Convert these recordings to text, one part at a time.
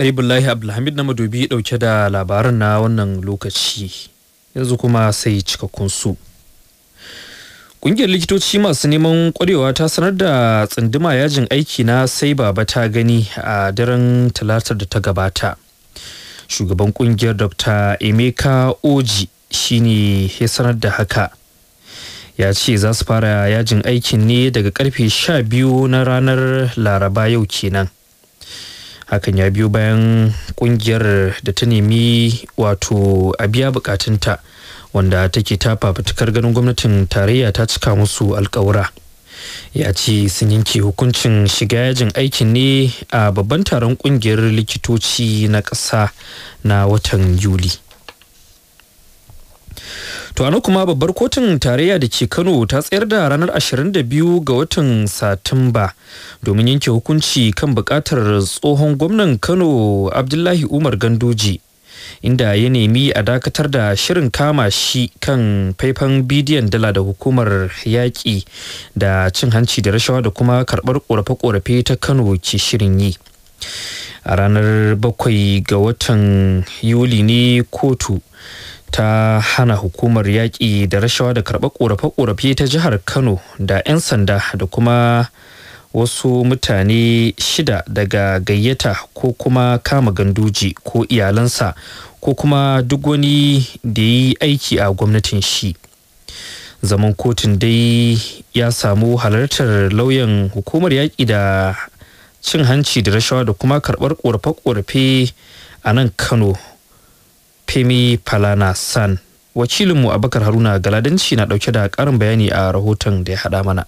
Ribullahi Abdulhamid na madubi dauke da labaran na wannan lokaci yanzu kuma sai cikakkun su. Ƙungiyar likitoci masu neman kwarewa ta sanar da tsunduma yajin aiki na sai baba ta gani a daren talatar da ta gabata. Shugaban ƙungiyar Dr. Emeka Oji shine ya sanar da haka. Ya ce za su fara yajin aikin ne daga karfe 12 na ranar Laraba yau kenan. hakan ya biyo bayan kungiyar da ta nemi wato a biya bukatunta wanda take ta fafutukar ganin gwamnatin tarayya ta cika musu alkawura ya ce sun yanke hukuncin shiga yajin aikin ne a babban taron kungiyar likitoci na ƙasa na watan yuli to ana kuma babbar kotun tarayya da ke kano ta tsayar da ranar 22 ga watan satumba domin yanke hukunci kan bukatar tsohon gwamnan kano abdullahi umar gandoji inda ya nemi a dakatar da shirin kama shi kan faifan bidiyon dala da hukumar yaƙi da cin hanci da rashawa da kuma karɓar ƙorafe-ƙorafe ta kano ke shirin yi a ranar bakwai ga watan yuli ne kotu ta hana hukumar yaƙi da rashawa da karɓar ƙorafe-ƙorafe ta jihar kano da 'yan sanda da kuma wasu mutane shida daga gayyata ko kuma kama ganduji ko iyalansa ko kuma duk wani da yi aiki a gwamnatin shi zaman kotun dai ya samu halartar lauyan hukumar yaƙi da cin hanci da rashawa da kuma karɓar ƙorafe-ƙorafe a nan kano Femi palana Palanasan. Wakilinmu Abakar Haruna Galadanci na ɗauke da karin bayani a rahoton da ya haɗa mana.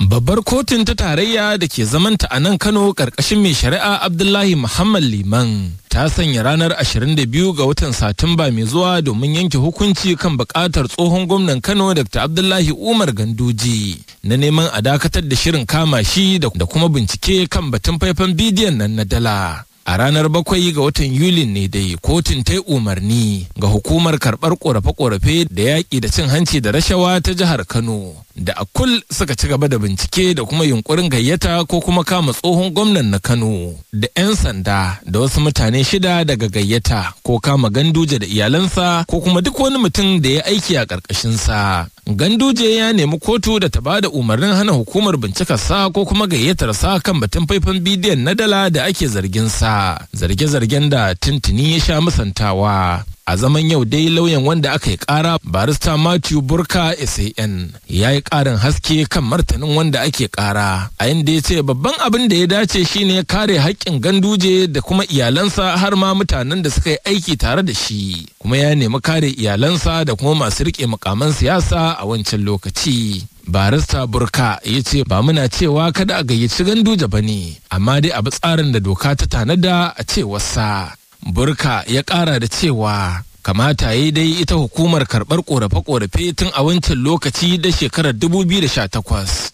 Babbar kotun ta tarayya da ke zamanta a nan Kano ƙarƙashin mai shari'a Abdullahi Muhammad Liman ta sanya ranar 22 ga watan Satumba mai zuwa domin yanke hukunci kan buƙatar tsohon gwamnan Kano Dr. Abdullahi Umar Ganduji na neman a dakatar da shirin kama shi da kuma bincike kan batun faifan bidiyon nan na dala. a ranar bakwai ga watan yulin ne dai kotun ta umarni ga hukumar karɓar korafe-korafe da yaƙi da cin hanci da rashawa ta jihar kano da a kul suka ci gaba da bincike da kuma yunkurin gayyata ko kuma kama tsohon gwamnan na kano da 'yan sanda da wasu mutane shida daga gayyata ko kama ganduje da iyalansa ko kuma duk wani mutum da ya aiki a ƙarƙashinsa ganduje ya nemi kotu da ta bada umarnin hana hukumar bincika sa ko kuma gayyatar sa kan batun faifan bidiyon na dala da ake zargin sa zarge-zargen da tintini ya sha musantawa a zaman yau dai lauyan wanda aka yi kara barista matthew burka san ya yi karin haske kan martanin wanda ake kara a inda ya ce babban abin da ya dace shine kare haƙƙin ganduje da kuma iyalansa har ma mutanen da suka yi aiki tare da shi kuma ya nemi kare iyalansa da kuma masu riƙe mukaman siyasa a wancan lokaci barista burka ya ce ba muna cewa kada a gayyaci ganduje ba ne amma dai a bi tsarin da doka ta tanada a cewarsa burka ya ƙara da cewa kamata ya dai ita hukumar karɓar ƙorafe korafe tun a wancan lokaci da shekarar 2018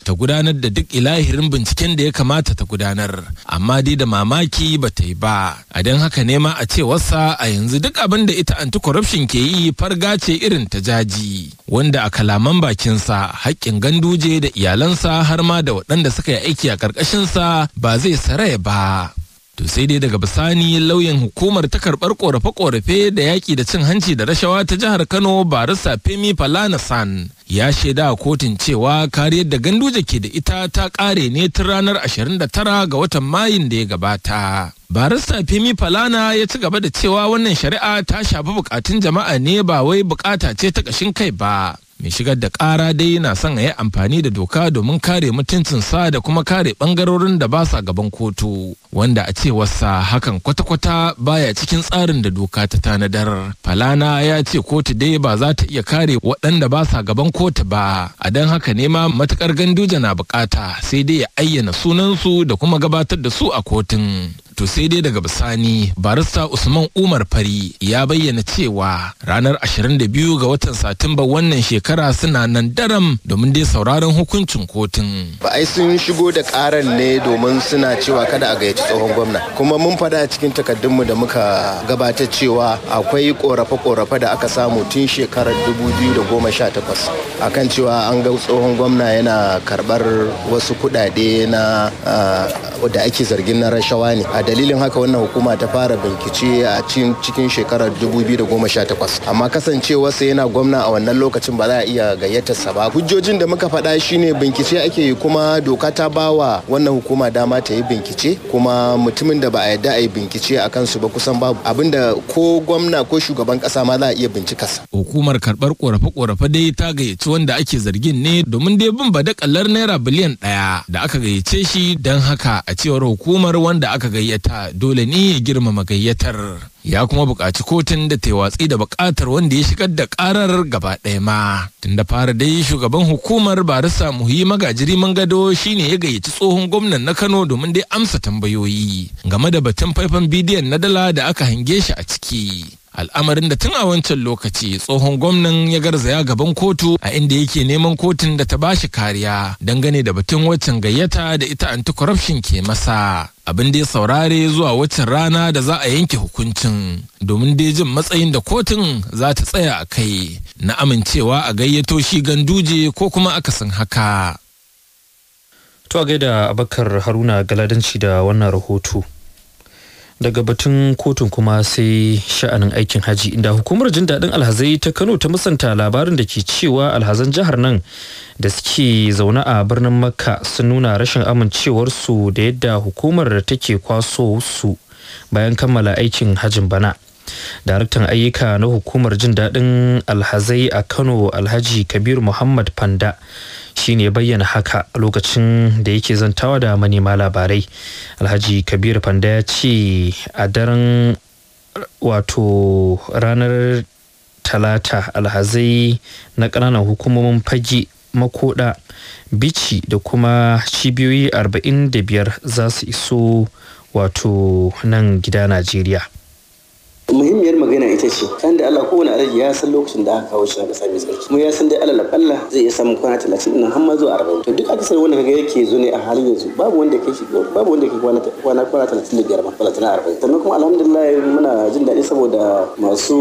ta gudanar da duk ilahirin binciken da ya kamata ta gudanar amma dai da mamaki ba ta yi ba a don haka nema a ce wasa, a yanzu duk abin da ita anti-corruption ke yi farga ce irin ta jaji wanda a kalaman bakinsa haƙƙin ganduje da iyalansa har ma da waɗanda suka yi aiki a ƙarƙashinsa ba zai saraya ba to sai dai daga bisani lauyan hukumar ta karɓar korafe-korafe da yaƙi da cin hanci da rashawa ta jihar kano barista femi San, ya shaida a kotun cewa kariyar da ganduje ke da ita ta ƙare ne tun ranar 29 ga watan mayun da ya gabata barista femi falana ya ci gaba da cewa wannan shari'a ta shafi bukatun jama'a ne ba wai bukata ce ta ƙashin kai ba mai shigar da ƙara dai na son a yi amfani da doka domin kare mutuncin sa da kuma kare bangarorin da ba sa gaban kotu wanda a cewarsa hakan kwata-kwata baya cikin tsarin da doka ta tanadar falana ya ce kotu dai ba za ta iya kare waɗanda ba sa gaban kotu ba a don haka ne ma matukar ganduja na bukata sai dai ya ayyana sunansu da kuma gabatar da su a kotun To sai dai daga bisani barista Usman Umar Fari ya bayyana cewa ranar 22 ga watan Satumba wannan shekara suna nan daram domin dai sauraron hukuncin kotun. Ba ai sun shigo da karan ne domin suna cewa kada a gayyaci tsohon gwamna. Kuma mun fada cikin takardunmu da muka gabata cewa akwai korafe-korafe da aka samu tun shekarar 2018 akan cewa an ga tsohon gwamna yana karɓar wasu kuɗaɗe na ah, da ake zargin na rashawa ne a dalilin haka wannan hukuma ta fara bincike a cikin shekarar 2018 amma kasancewarsa yana gwamna a wannan lokacin ba za a iya sa ba hujjojin da muka faɗa shine bincike ake yi kuma doka ta bawa wannan hukuma dama ta yi bincike kuma mutumin da ba a yarda a yi bincike a kansu ba kusan babu abinda ko gwamna ko shugaban kasa ma za a iya bincika sa. hukumar karbar korafe-korafe dai ta gayyaci wanda ake zargin ne domin dai bin kallar naira biliyan ɗaya da aka gayyace shi don haka a cewar hukumar wanda aka gayyata dole ne ya girmama gayyatar ya kuma buƙaci kotun da ta watsi da buƙatar wanda ya shigar da ƙarar gaba ɗaya ma tun da fara dai shugaban hukumar barisa muhi magajiri gado shine ya gayyaci tsohon gwamnan na kano domin dai amsa tambayoyi game da batun faifan bidiyon na dala da aka hange shi a ciki al'amarin da tun a wancan lokaci tsohon gwamnan ya garzaya gaban kotu a inda yake neman kotun da ta bashi kariya dangane da batun waccan gayyata da ita anti-corruption ke masa abin da ya saurare zuwa waccan rana da za a yanke hukuncin domin dai jin matsayin da kotun za ta tsaya a kai na amincewa a gayyato shi ganduje ko kuma akasin haka. To a gaida Abakar Haruna Galadanci da wannan rahoto. daga batun kotun kuma sai sha'anin aikin haji inda hukumar jin daɗin alhazai ta kano ta musanta labarin da ke cewa alhazan jihar nan da suke zaune a birnin makka sun nuna rashin amincewarsu da yadda hukumar da take kwaso su bayan kammala aikin hajin bana daraktan ayyuka na hukumar jin daɗin alhazai a kano alhaji kabir muhammad panda shine ya bayyana haka a lokacin da yake zantawa da manema labarai alhaji kabir fanda ya ce a daren wato ranar talata alhazai na ƙananan hukumomin fage makoda bici da kuma cibiyoyi 45 za su iso wato nan gida najeriya muhimmiyar magana ita ce kan da Allah kowane alaji ya san lokacin da aka kawo shi na ƙasa mai tsarki kuma ya san dai Allah Allah zai iya samun kwana talatin ɗin har ma zuwa arba'in to duk akasar wanda kaga yake zo ne a halin yanzu babu wanda kai shi babu wanda kai kwana kwana kwana talatin da biyar ma talatin da arba'in sannan kuma alhamdulillah muna jin daɗi saboda masu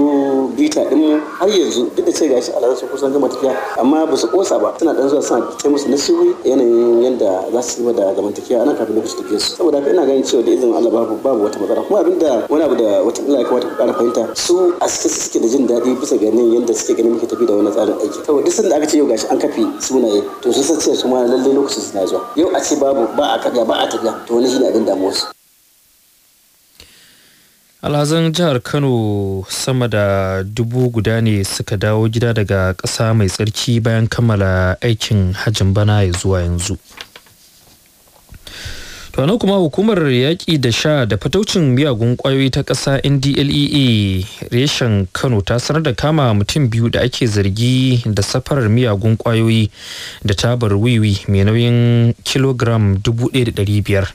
bita ɗin har yanzu duk da ce gashi Allah su kusan gama tafiya amma ba su kosa ba suna dan zuwa suna kai musu nasihu yanayin yanda za su yi da tafiya ana kafin lokacin su saboda haka ina ganin cewa da izinin Allah babu babu wata matsala kuma abinda wani abu da wata Allah ya kawo ƙara fahimta su a suke suke da jin daɗi bisa ganin yadda suke ganin muke tafi da wani tsarin aiki kawai duk sanda aka ce yau gashi an kafe sunaye to sun san cewa su ma lallai lokacin suna zuwa yau a ce babu ba a kaɗa ba a tafiya to wani shine abin damuwarsu alhazan jihar kano sama da dubu guda ne suka dawo gida daga ƙasa mai tsarki bayan kammala aikin hajjin bana ya zuwa yanzu sannan kuma hukumar yaƙi da sha da fataucin miyagun ƙwayoyi ta ƙasa ndlea reshen kano ta sanar da kama mutum biyu da ake zargi da safarar miyagun ƙwayoyi da tabar wiwi mai nauyin kilogram 1,500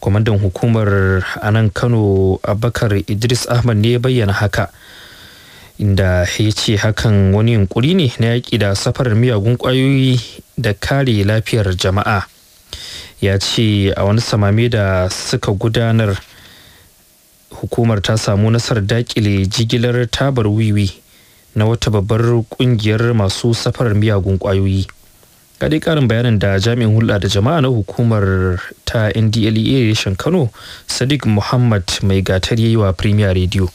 kwamandan hukumar a nan kano abakar idris ahmad ne bayyana haka inda ya ce hakan wani yunkuri ne na yaƙi da safarar miyagun ƙwayoyi da kare lafiyar jama'a ya ce a wani samame da suka gudanar hukumar ta samu nasar dakile jigilar tabar wiwi na wata babbar kungiyar masu safarar miyagun kwayoyi kadai karin bayanin da jami'in hulɗa da jama'a na hukumar ta ndlea reshen e kano sadiq muhammad mai gatar yayi wa premier radio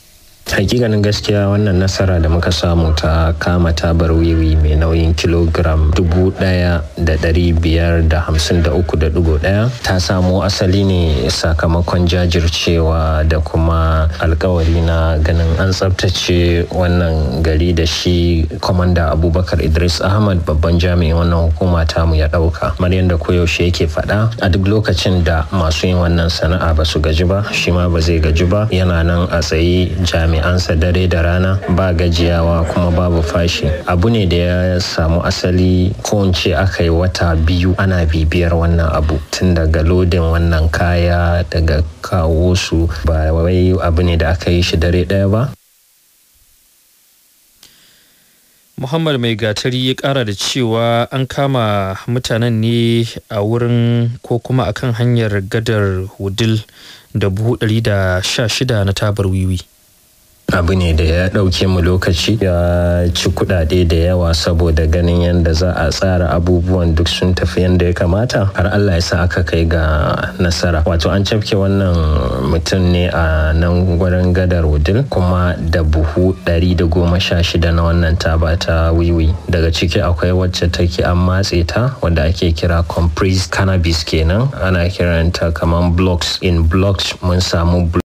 hakikanin gaskiya wannan nasara da muka samu ta kama tabar wiwi mai nauyin kilogram 1,553.1 ta samo asali ne sakamakon jajircewa da kuma alkawari na ganin an tsabtace wannan gari da shi kwamanda abubakar idris ahmad babban jami'in wannan hukuma mu ya dauka kamar yadda koyaushe yake fada? a duk lokacin da masu yin wannan sana'a ba su gaji ba shi ma ba zai gaji ba yana nan a tsaye jami'in jami'ansa dare da rana ba gajiyawa kuma babu fashi abu ne da ya samu asali ko ce aka yi wata biyu ana bibiyar wannan abu tun daga lodin wannan kaya daga kawo su ba wai abu ne da aka yi shi dare ɗaya ba Muhammad mai gatari ya kara da cewa an kama mutanen ne a wurin ko kuma akan hanyar gadar wudil da buhu 116 na tabar wiwi. abu ne da ya ɗauke mu lokaci ya ci kuɗaɗe da yawa saboda ganin yadda za a tsara abubuwan duk sun tafi yadda ya kamata har Allah ya sa aka kai ga nasara wato an cafke wannan mutum ne a nan gwarin gadar wudil kuma da buhu ɗari da goma sha shida na wannan taba ta wiwi daga ciki akwai wacce take an matse ta wadda ake kira compressed cannabis kenan ana kiranta kamar blocks in blocks mun samu